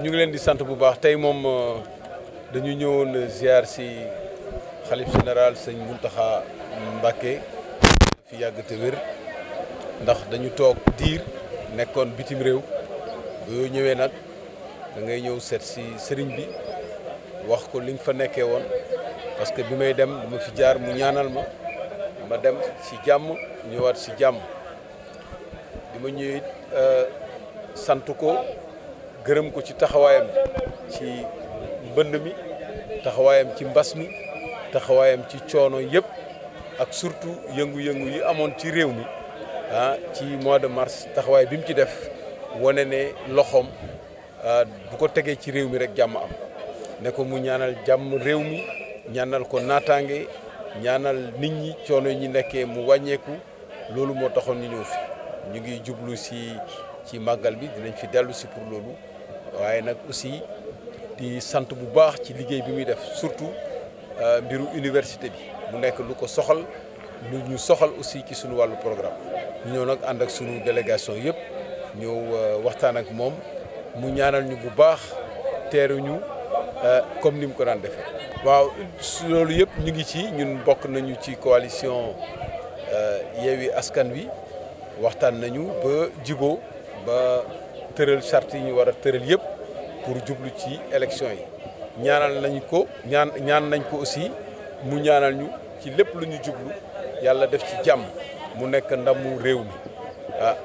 ñu ngi leen di sant bu baax tey moom euh, dañu ñëwoon ziar si xalif général sëñ Muntaxa Mbàkke fi yàgg te wér ndax dañu toog diir nekkoon bitim réew boo ñëwee nag da ngay ñëw seet si sëriñ bi wax ko li nga fa nekkee woon parce que bi may dem dama fi jaar mu ñaanal ma ma dem si jàmm ñëwaat si jàmm bi ma ñëwee euh, sant ko gërëm ko ci taxawaayam ci mbënn mi taxawaayam ci mbas mi taxawaayam ci coono yëpp ak surtout yëngu-yëngu yi amoon ci réew mi ah ci mois de mars taxawaay bi mu ci def wane ne loxoom ah, bu ko tegee ci réew mi rek jàmm am ne ko mu ñaanal jàmm réew mi ñaanal ko naataange ñaanal nit ñi coono yi ñu nekkee mu wàññeeku loolu moo taxoon ñu ñëw fi ñu ngi jublu si ci màggal bi dinañ fi dellusi pour loolu waaye nag aussi di sant bu baax ci liggéey bi muy def surtout euh, mbiru université bi mu nekk lu ko soxal lu ñu soxal aussi ci suñu wàllu programme ñu ñëw nag ànd ak suñu délégation yëpp ñëw euh, waxtaan ak moom mu ñaanal ñu bu baax teeruñu euh, comme ni mu ko daan defee. waaw loolu yëpp ñu ngi ci ñun bokk nañu ci coalition Yewwi Askan Wi waxtaan nañu ba jiboo ba tëral charte yi ñu war a tëral yëpp pour jublu ci élection yi ñaanal nañ ko ñaan ñaan nañ ko aussi mu ñaanal ñu ci lépp lu ñu jublu yàlla def ci jàmm mu nekk ndamu réew mi ah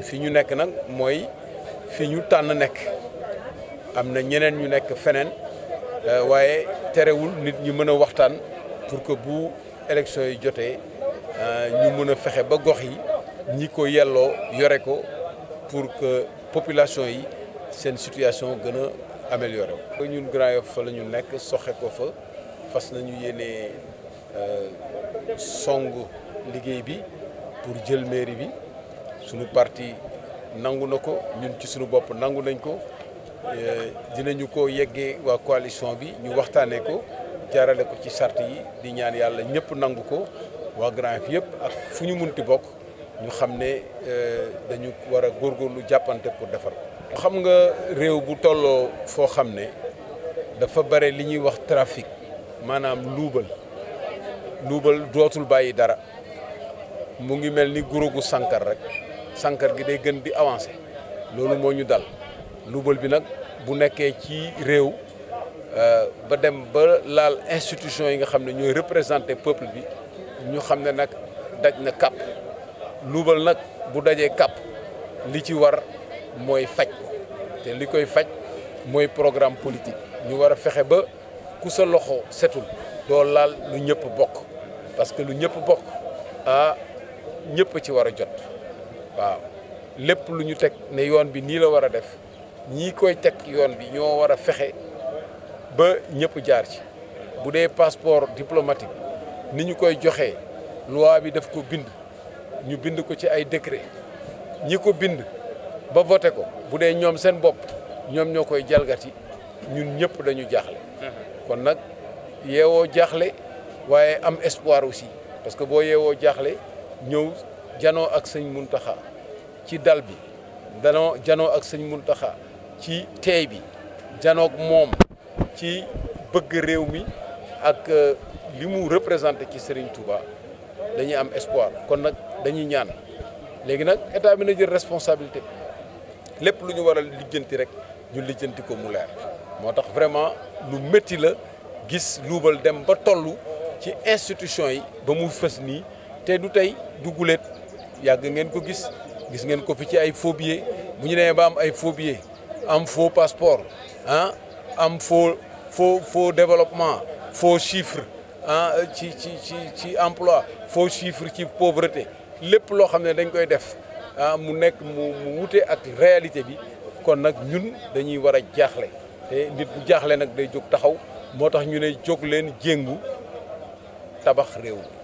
fi ñu nekk nag mooy fi ñu tànn nekk am na ñeneen ñu nekk feneen eh, waaye terewul nit ñi mën a waxtaan pour que bu élection yi jotee eh, ñu mën a fexe ba gox yi ñi ko yelloo yore ko pour que population yi seen situation gëna a amélioré ñun Grand Yoff fa la ñu nekk soxe ko fa fas nañu yéene euh, song liggéey bi pour jël mairie bi sunu parti nangu na ko ñun ci sunu bopp nangu nañ ko euh, ñu ko yeggee waa coalition bi ñu waxtaanee ko jaarale ko ci sart yi di ñaan yàlla ñëpp nangu ko waa Grand Yoff yëpp ak fu ñu munti bokk. ñu xam ne euh, dañu war a lu jàppante pour defar ko. xam nga réew bu tolloo foo xam ne dafa bare li ñuy wax trafic maanaam luubal luubal dootul bàyyi dara mu ngi mel ni guro gu sankar rek sankar gi day gën di avancé loolu moo ñu dal luubal bi nag bu nekkee ci réew. Euh, ba dem ba laal institution yi nga xam ne ñooy représenter peuple bi ñu xam ne nag daj na kàpp luubal nag bu dajee kàpp li ci war mooy faj te li koy faj mooy programme politique ñu war a fexe ba ku sa loxo setul doo laal lu ñëpp bokk parce que lu ñëpp bokk ah ñëpp ci war a jot waaw lépp lu ñu teg ne yoon bi nii la war a def ñii koy teg yoon bi ñoo war a fexe ba ñëpp jaar ci bu dee passeport diplomatique ni ñu koy joxee loi bi daf ko bind ñu bind ko ci ay décret ñi ko bind ba voté ko bu dee ñoom seen bopp ñoom ñoo koy jalgati ñun ñëpp dañu jaaxle. Mhm. kon nag yeewoo jaaxle waaye am espoir aussi parce que boo yeewoo jaaxle ñëw janoo ak sëñ Muntaxa ci dal bi danoo janoo ak sëñ Muntaxa ci teey bi janoog moom ci bëgg réew mi ak euh, li mu représenté ci Serigne Touba. dañuy am espoir kon nag dañuy ñaan léegi nag état bi na jël responsabilité lépp lu ñu war a lijjanti rek ñu lijjanti ko mu leer moo tax vraiment lu métti la gis luubal dem ba tollu ci institution yi ba mu fës nii te du tey du guléet yàgg ngeen ko gis gis ngeen ko fi ci ay faux billets bu ñu nee ba am ay faux am foo passeport ah am faux foo foo développement foo chiffre ah ci ci ci ci emploi foo chiffre ci pauvreté lépp loo xam ne dañ koy def ah mu nekk mu mu wute ak réalité bi kon nag ñun dañuy war a jaaxle te nit bu jaaxle nag day jóg taxaw moo tax ñu ne jóg leen jéngu tabax réew